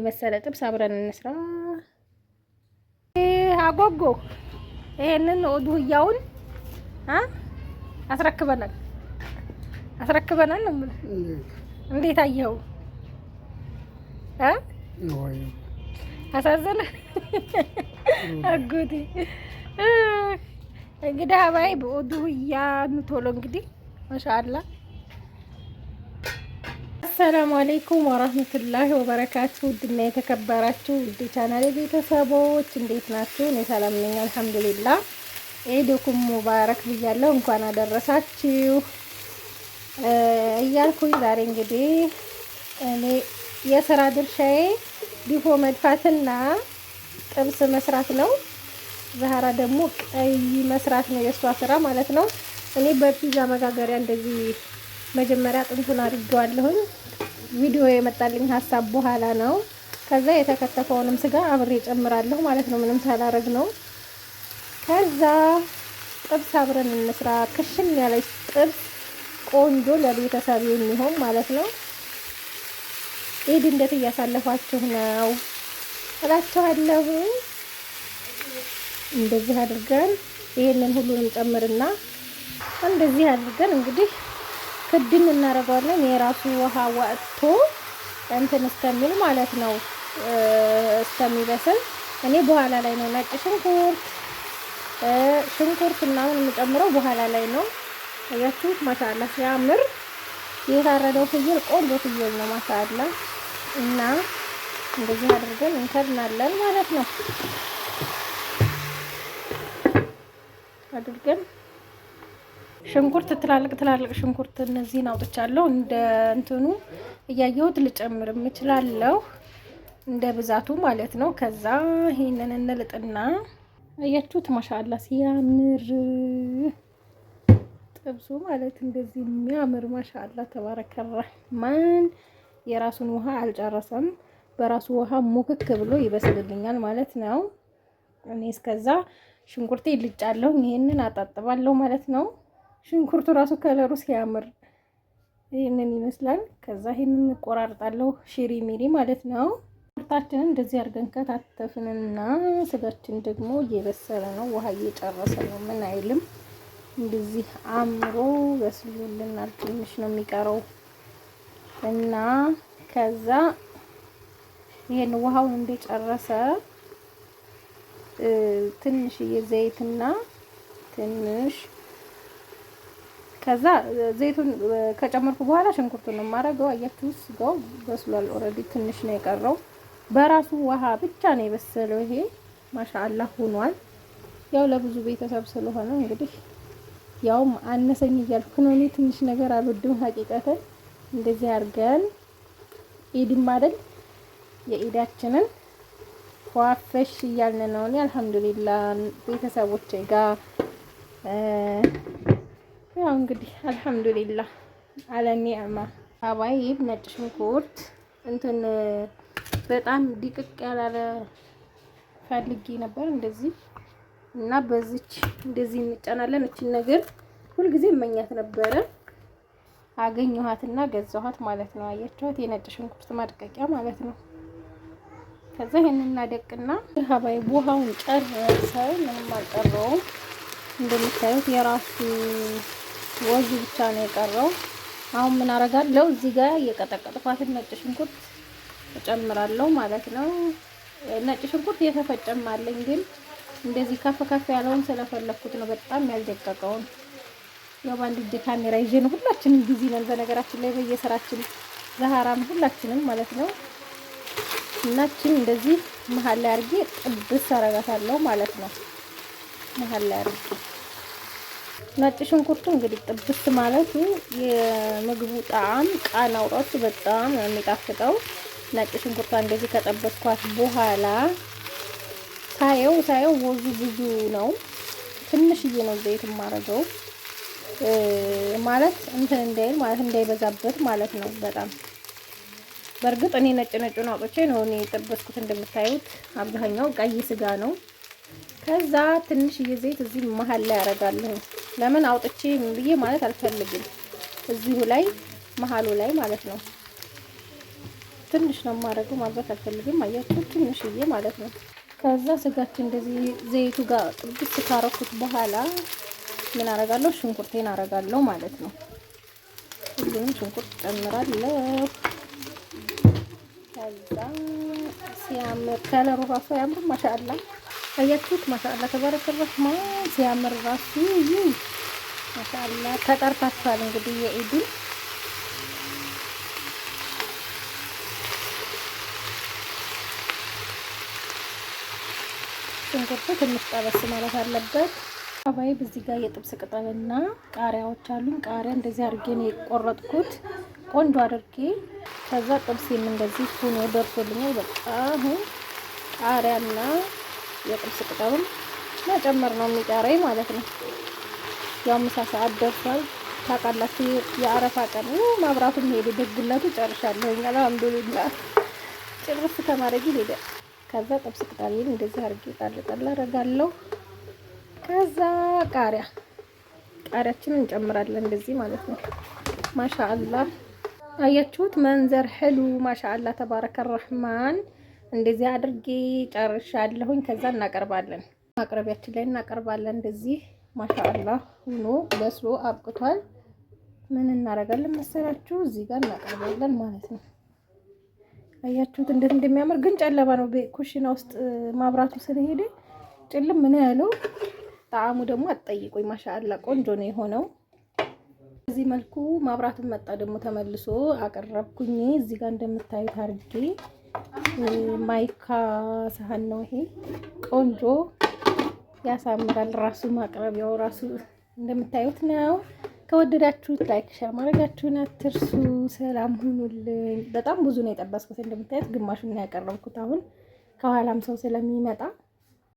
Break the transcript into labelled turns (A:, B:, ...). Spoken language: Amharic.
A: የበሰለ ጥብስ አብረን እንስራ። አጎጎ ይሄንን ዱህያውን አስረክበናል አስረክበናል ነው የምልህ። እንዴት አየኸው? አሳዘነ አጎቴ። እንግዲህ አባይ ዱህያ ቶሎ እንግዲህ ማሻአላ አሰላሙ አሌይኩም ወረህመቱላሂ ወበረካቱ ውድና የተከበራችሁ ውድ ቻናሌ ቤተሰቦች እንዴት ናችሁ? እኔ ሰላም ነኝ፣ አልሐምዱሊላ። ኢድኩም ሙባረክ ብያለሁ። እንኳን አደረሳችሁ እያልኩኝ ዛሬ እንግዲህ እኔ የስራ ድርሻዬ ድፎ መድፋትና ጥብስ መስራት ነው። ዛህራ ደግሞ ቀይ መስራት ነው የእሷ ስራ ማለት ነው። እኔ በፒዛ መጋገሪያ እንደዚህ መጀመሪያ ጥንቱን አድርጌዋለሁኝ። ቪዲዮ የመጣልኝ ሀሳብ በኋላ ነው። ከዛ የተከተፈውንም ስጋ አብሬ ጨምራለሁ ማለት ነው። ምንም ሳላረግ ነው። ከዛ ጥብስ አብረን እንስራ። ክሽን ያለች ጥብስ ቆንጆ ለቤተሰብ የሚሆን ማለት ነው። ኢድ እንዴት እያሳለፋችሁ ነው እላችኋለሁ። እንደዚህ አድርገን ይሄንን ሁሉንም ጨምርና እንደዚህ አድርገን እንግዲህ ክድን እናደርገዋለን። የራሱ ውሃ ዋጥ ወጥቶ እንትን እስከሚል ማለት ነው እስከሚበስል እኔ በኋላ ላይ ነው ነጭ ሽንኩርት ሽንኩርት ምናምን የምጨምረው በኋላ ላይ ነው። እያችሁት ማሻአላ ሲያምር የታረደው ፍየል ቆንጆ ፍየል ነው ማሻአላ። እና እንደዚህ አድርገን እንከድናለን ማለት ነው አድርገን ሽንኩርት ትላልቅ ትላልቅ ሽንኩርት እነዚህን አውጥቻለሁ። እንደ እንትኑ እያየሁት ልጨምር የምችላለሁ እንደ ብዛቱ ማለት ነው። ከዛ ይህንን እንልጥና አያችሁት፣ ማሻላ ሲያምር ጥብሱ ማለት እንደዚህ የሚያምር ማሻአላ ተባረከራህማን። የራሱን ውሃ አልጨረሰም፣ በራሱ ውሃ ሙክክ ብሎ ይበስልልኛል ማለት ነው። እኔ እስከዛ ሽንኩርቴ ልጫለሁ፣ ይህንን አጣጥባለሁ ማለት ነው። ሽንኩርቱ ራሱ ከለሩ ሲያምር ይህንን ይመስላል። ከዛ ይህንን እንቆራርጣለሁ ሽሪ ሚሪ ማለት ነው። ሽንኩርታችንን እንደዚህ አድርገን ከታተፍንና ስጋችን ደግሞ እየበሰለ ነው፣ ውሃ እየጨረሰ ነው። ምን አይልም፣ እንደዚህ አምሮ በስሎልናል። ትንሽ ነው የሚቀረው እና ከዛ ይሄን ውሃውን እንደጨረሰ ትንሽዬ ዘይትና ትንሽ ከዛ ዘይቱን ከጨመርኩ በኋላ ሽንኩርቱን ነው የማደርገው። አያችሁ ስጋው በስሏል። ኦልሬዲ ትንሽ ነው የቀረው። በራሱ ውሃ ብቻ ነው የበሰለው። ይሄ ማሻአላህ ሆኗል። ያው ለብዙ ቤተሰብ ስለሆነ እንግዲህ ያውም አነሰኝ እያልኩ ነው እኔ ትንሽ ነገር አልወድም ሀቂቀትን። እንደዚህ አድርገን ኢድም አይደል የኢዳችንን ፏፈሽ እያልን ነው። እኔ አልሐምዱሊላህ ቤተሰቦቼ ጋር ያው እንግዲህ አልሐምዱሊላህ አለኒዕማ አባይብ ነጭ ሽንኩርት እንትን በጣም ዲቅቅ ያላለ ፈልጌ ነበር እንደዚህ እና በዚች እንደዚህ እንጫናለን። እችን ነገር ሁልጊዜ መኛት ነበረ። አገኘኋትና ገዛኋት ማለት ነው። አያችኋት? የነጭ ሽንኩርት ማድቀቂያ ማለት ነው። ከዛ ይሄን እናደቅና ሀባይ ውሃውን ጨርሰን ምንም አልቀረውም። እንደምታዩት የራሱ ወዙ ብቻ ነው የቀረው። አሁን ምን አረጋለሁ? እዚህ ጋር የቀጠቀጥኳትን ነጭ ሽንኩርት እጨምራለሁ ማለት ነው። ነጭ ሽንኩርት የተፈጨም አለኝ፣ ግን እንደዚህ ከፍ ከፍ ያለውን ስለፈለኩት ነው፣ በጣም ያልደቀቀውን። ያው በአንድ እጅ ካሜራ ይዤ ነው። ሁላችንም ቢዚ ነን በነገራችን ላይ በየስራችን ዘሀራም ሁላችንም ማለት ነው። እናችን እንደዚህ መሀል ላይ አድርጌ ጥብስ አረጋታለሁ ማለት ነው። መሀል ላይ አድርጌ ነጭ ሽንኩርቱ እንግዲህ ጥብስ ማለቱ የምግቡ ጣዕም ቃናው ራሱ በጣም ነው የሚጣፍጠው። ነጭ ሽንኩርቷ እንደዚህ ከጠበስኳት በኋላ ሳየው ሳየው ወዙ ብዙ ነው። ትንሽዬ ነው ዘይት የማረገው ማለት እንትን እንዳይል ማለት እንዳይበዛበት ማለት ነው። በጣም በእርግጥ እኔ ነጭ ነጩን አውጥቼ ነው እኔ የጠበስኩት። እንደምታዩት አብዛኛው ቀይ ስጋ ነው። ከዛ ትንሽዬ ዘይት እዚህ መሀል ላይ ያደርጋለሁ። ለምን አውጥቼ ምን ብዬ ማለት አልፈልግም። እዚሁ ላይ መሀሉ ላይ ማለት ነው። ትንሽ ነው የማደርገው፣ ማብዛት አልፈልግም። አያችሁ፣ ትንሽዬ ማለት ነው። ከዛ ስጋችን እንደዚህ ዘይቱ ጋር ጥብስ ካረኩት በኋላ ምን አረጋለሁ? ሽንኩርቴን አረጋለሁ ማለት ነው። ሁሉንም ሽንኩርት ጨምራለሁ። ከዛ ሲያምር ከለሩ ራሱ አያምርም? ማሻአላ አያችሁት? ማሻአላ ተባረከ ረህማን ሲያምር ራሱ ማሻአላ። ተጠርታችኋል እንግዲህ የኢዱን ሽንኩርቱ ትንሽ ጠበስ ማለት አለበት። አባይ በዚህ ጋር የጥብስ ቅጠልና ቃሪያዎች አሉን። ቃሪያ እንደዚህ አድርጌ ነው የቆረጥኩት ቆንጆ አድርጌ ከዛ ጥብስ የምንገዚህ ሁኖ ደርሶልኛል። በቃ አሁን ቃሪያና የጥብስ ቅጠሉም መጨመር ነው የሚቀረኝ ማለት ነው። ያው ምሳ ሰዓት ደርሷል። ታውቃላችሁ የአረፋ ቀን መብራቱም ሄደ። ደግነቱ ጨርሻለሁ። አልሐምዱሊላህ ጭርስ ተማረጊ ሄደ። ከዛ ጥብስ ቅጠሌን እንደዚህ አድርጌ ጣል ጣል አደርጋለሁ። ከዛ ቃሪያ ቃሪያችንን እንጨምራለን እንደዚህ ማለት ነው። ማሻአላህ አያችሁት መንዘር ህሉ ማሻአላ ተባረከ ረህማን። እንደዚህ አድርጌ ጨርሻለሁኝ። ከዛ እናቀርባለን፣ ማቅረቢያችን ላይ እናቀርባለን። እንደዚህ ማሻአላ ሆኖ በስሎ አብቅቷል። ምን እናደርጋለን መሰላችሁ? እዚህ ጋር እናቀርባለን ማለት ነው። አያችሁት እንዴት እንደሚያምር ግን ጨለማ ነው። ኩሽና ውስጥ ማብራቱ ስለሄደ ጭልም ምን ያለው ጣዕሙ ደግሞ አትጠይቁኝ። ማሻአላ ቆንጆ ነው የሆነው። በዚህ መልኩ ማብራቱን መጣ ደግሞ ተመልሶ አቀረብኩኝ። እዚህ ጋር እንደምታዩት አድርጌ ማይካ ሳህን ነው ይሄ። ቆንጆ ያሳምራል። ራሱ ማቅረቢያው ራሱ እንደምታዩት ነው። ከወደዳችሁት ላይክ፣ ሼር ማድረጋችሁን አትርሱ። ሰላም ሁኑልኝ። በጣም ብዙ ነው የጠበስኩት እንደምታዩት፣ ግማሹን ነው ያቀረብኩት። አሁን ከኋላም ሰው ስለሚመጣ